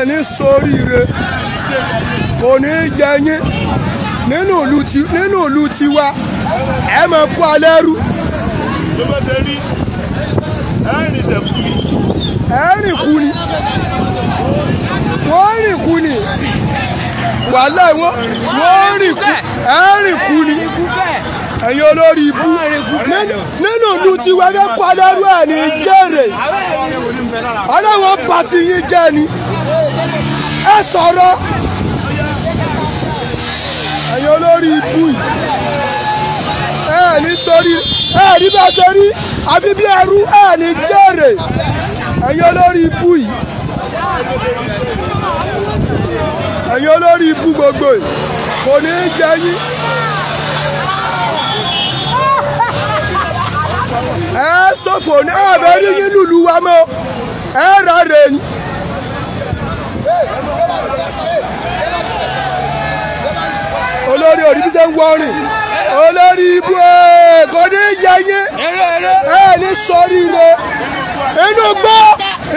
ẹ̀ ní soríire kò ní yẹ yín nínú ìlú tiwa ẹ máa kó alẹ́ rú. ẹ rìn kú ni wọ́n rìn kú ni wàhálà wọn wọ́n rìn kú ẹ rìn kú ni ẹ̀yin olórí ibú nínú ìlú tiwa ẹ kó alẹ́ rú ẹ̀ ní jèrè ọlọ́wọ́n bá ti yín jẹ́ ni sọ̀rọ̀ ẹ̀yin olórí ibú yìí ẹ ní sórí ẹ ní bá ṣe rí àfi bí ẹrú ẹ ní jèrè ẹ̀yin olórí ibú yìí ẹ̀yin olórí ibú gbogbo yìí kò ní í jẹ yín. ẹ sọ̀fọ̀ ní ẹ̀ẹ́dẹ́rì yín lùlù wa mọ́ ẹ rà rẹ̀ yín. olórí òrí bí ṣe ń wọrin olórí ibú ẹ kò ní yẹyẹ ẹ ní sọrí rẹ inú gbọ́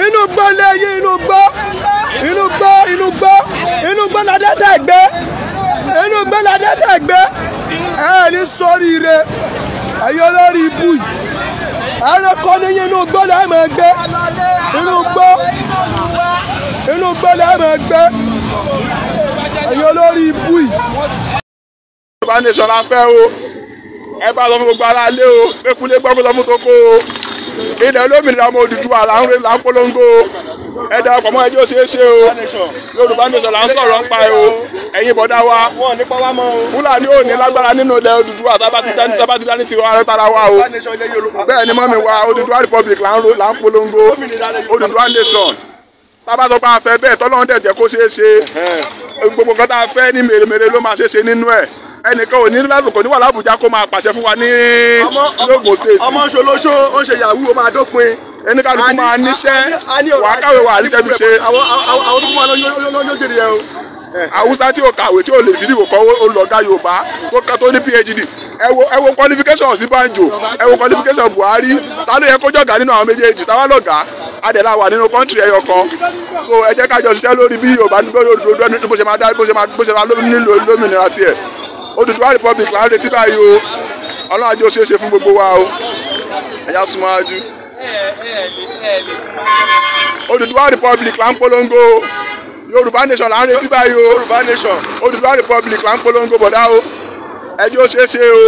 inú gbọ́ lẹ́yìn inú gbọ́ inú gbọ́ inú gbọ́ inú gbọ́ la dẹ́tà ẹgbẹ́ inú gbọ́ la dẹ́tà ẹgbẹ́ ẹ ní sọrí rẹ ayé olórí ibú yìí ẹranko níyìn inú gbọ́ la máa gbé inú gbọ́ inú gbọ́ la máa gbé ayé olórí ibú yìí yorùbá nation la fẹ́ o ẹ bá lọ fún gbogbo ara lé o pékulé gbọ́ fún lọ fún toko o ilẹ̀ olómìnira ọmọ Odùduwà là ń rí là ń polongo o ẹ darapọ̀ mọ́ ẹjọ́ ṣeé ṣe o yorùbá nation là ń sọ̀rọ̀ ń pa ẹ o ẹ̀yin bọ̀dá wa fúlàní ò ní lágbára nínú ilẹ̀ Odùduwà tábàtì dání ti wá tara wa o bẹ́ẹ̀ ni mọ́mi wa Odùduwà republic là ń polongo Odùduwà nation tábà tó bá a fẹ́ bẹ́ẹ̀ tọ́lọ́run dẹ̀ jẹ́ kó ṣeé ṣe gbogbo nǹkan tá a fẹ́ ní mèremère ló máa ṣeé ṣe nínú ẹ̀ ẹnìkan ò ní lásìkò níwà lábùjá kó máa pàṣẹ fún wa ní lóògùn state. ọmọ ṣolóṣó ó ń ṣe yahoo ó máa dópin. ẹnìkanùkú máa níṣẹ́ wàá kàwé wàá níṣẹ́ fi ṣe. àwọn tó kún wa lọ́jọ́ jèrè yẹn o eh, awusa tí o kàwé tí o lè fídíwò kọ́ o yorùbá tó kọ́ tó ní phd ẹ wo ẹ wo qualification ẹ wo qualification Buhari ta ló yẹ kó jọ̀gá nínú àwọn méjèèjì táwa lọ̀gá adẹ̀lá wà nínú kọ́ńtì ẹyọ kan so ẹ jẹ́ ká jọ ṣiṣẹ́ lórí bí yorùbá bó ṣe máa dá bó ṣe máa lómìnira tiẹ̀. Odùduwà republic là ń retí báyìí o ọlọ́run àjọ ṣeé ṣe fún gbogbo wa o ẹ̀yà súnmọ́ ajú. Odùduwà republic là ń polongo o Yorùbá nation là ń retí báyìí o Odùduwà republic là ń polongo bọ̀dá o ẹjọ́ ṣeé ṣe o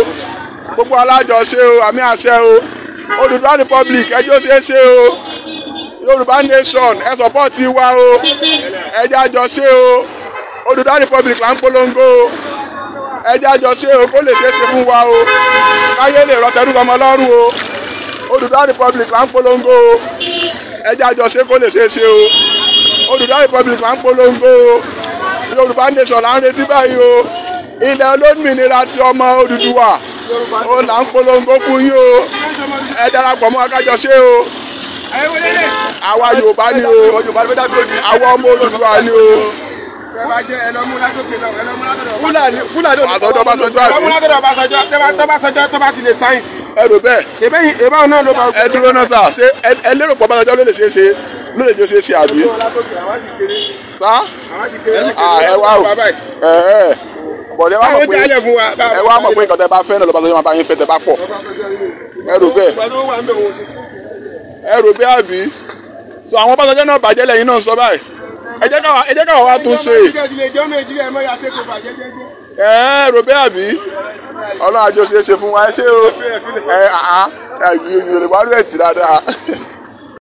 gbogbo alájọ ṣe o àmì àṣẹ o Odùduwà republic ẹjọ́ ṣeé ṣe o Yorùbá nation ẹ sọpọ́ọ̀tì wa o ẹjọ́ àjọ ṣe o Odùduwà republic là ń polongo o ẹjẹ́ àjọ ṣe o kó lè ṣe é ṣe fún wa o káyé lè rọ tẹrú ọmọ lọ́rùn o Oduduwa Republic là ń polongo o ẹjẹ́ àjọ ṣe kó lè ṣe é ṣe o Oduduwa Republic là ń polongo o Yorùbá nation là ń retí báyìí o ilẹ̀ olómìnira ti ọmọ Odùduwà ó là ń polongo fún yín o ẹ darapọ̀ mọ́ akájọ ṣe o àwa Yorùbá ni o àwa ọmọ Odùduwà ni o fúlàní fúlàní ò ní kọ́ ọba sọjọ́ àbí. ọmọ lọ́dọ̀ ọba sọjọ́ tọ́ba sọjọ́ tọ́ba ti lè sáyẹ̀nsì. ẹ rò bẹ́ẹ̀. ṣèbẹ́ yìí èbá náà ló bá. ẹ dúró náà sà ṣé ẹ lérò pọ̀ bá sọjọ́ ló lè ṣeé ṣe ló lè jẹ́ ṣeé ṣe àbí. sá ẹ wá o bọ̀dẹ̀ wá mọ̀ pé ẹ wá mọ̀ pé nǹkan tẹ bá fẹ́ náà lọ́ba sọjọ́ máa bá yín fẹ́ tẹ bá pọ̀ ẹ rò bẹ́ẹ̀ ẹ rò bẹ́ẹ̀ àbí so àwọn bá sọjọ́ náà bàjẹ́ lẹ́yìn náà sọ báyìí ẹ jẹ́ káwa ẹ jẹ́ káwa wá tún ṣe. ẹ rò bẹ́ẹ̀ àbí ọlọ́run àjọṣe ṣe fún wa ẹ ṣé o ẹ àá ẹ yorùbá rẹ̀ tì dáadáa.